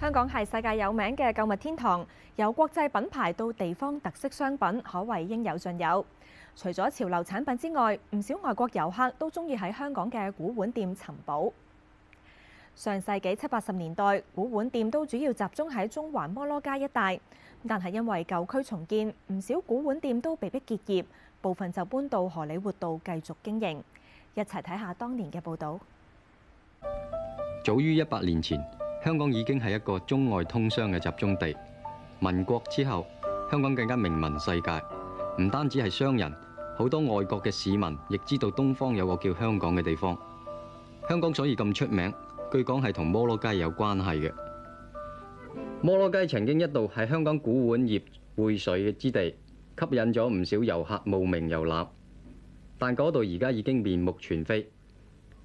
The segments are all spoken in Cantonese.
香港係世界有名嘅購物天堂，由國際品牌到地方特色商品，可謂應有盡有。除咗潮流產品之外，唔少外國遊客都中意喺香港嘅古玩店尋寶。上世紀七八十年代，古玩店都主要集中喺中環摩羅街一帶，但係因為舊區重建，唔少古玩店都被迫結業，部分就搬到荷里活道繼續經營。一齊睇下當年嘅報導。早於一百年前，香港已經係一個中外通商嘅集中地。民國之後，香港更加名聞世界。唔單止係商人，好多外國嘅市民亦知道東方有個叫香港嘅地方。香港所以咁出名，據講係同摩羅街有關係嘅。摩羅街曾經一度係香港古玩業匯水嘅之地，吸引咗唔少遊客慕名遊覽，但嗰度而家已經面目全非，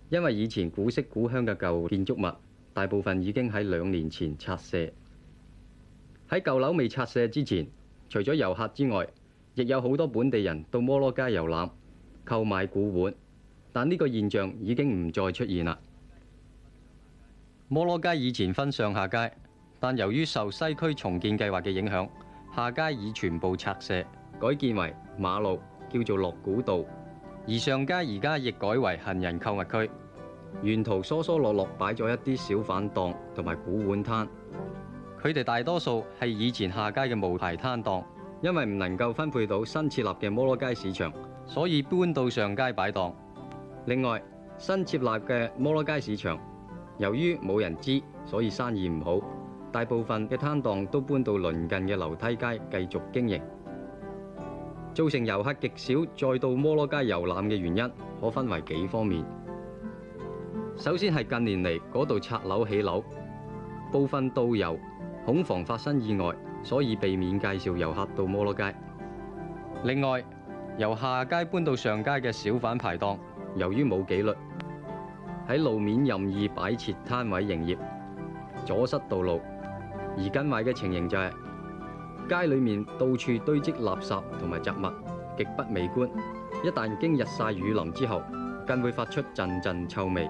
因為以前古色古香嘅舊建築物。大部分已經喺兩年前拆卸。喺舊樓未拆卸之前，除咗遊客之外，亦有好多本地人到摩羅街遊覽、購買古玩，但呢個現象已經唔再出現啦。摩羅街以前分上下街，但由於受西區重建計劃嘅影響，下街已全部拆卸，改建為馬路，叫做落古道，而上街而家亦改為行人購物區。沿途疏疏落落擺咗一啲小販檔同埋古玩攤，佢哋大多數係以前下街嘅無牌攤檔，因為唔能夠分配到新設立嘅摩羅街市場，所以搬到上街擺檔。另外，新設立嘅摩羅街市場由於冇人知，所以生意唔好，大部分嘅攤檔都搬到鄰近嘅樓梯街繼續經營，造成遊客極少再到摩羅街遊覽嘅原因，可分為幾方面。首先係近年嚟嗰度拆樓起樓，部分導遊恐防發生意外，所以避免介紹遊客到摩羅街。另外，由下街搬到上街嘅小販排檔，由於冇紀律喺路面任意擺設攤位營業，阻塞道路。而更壞嘅情形就係、是、街裏面到處堆積垃圾同埋雜物，極不美觀。一旦經日曬雨淋之後，更會發出陣陣臭味。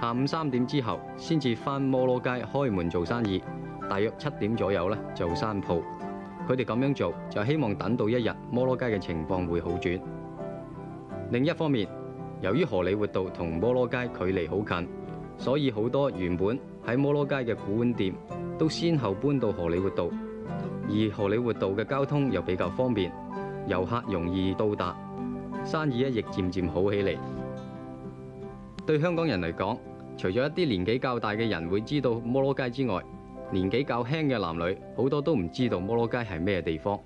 下午三點之後先至返摩羅街開門做生意，大約七點左右呢，就收鋪。佢哋咁樣做就希望等到一日摩羅街嘅情況會好轉。另一方面，由於荷里活道同摩羅街距離好近，所以好多原本喺摩羅街嘅古玩店都先後搬到荷里活道，而荷里活道嘅交通又比較方便，遊客容易到達，生意一亦漸漸好起嚟。對香港人嚟講，除咗一啲年紀較大嘅人會知道摩羅街之外，年紀較輕嘅男女好多都唔知道摩羅街係咩地方。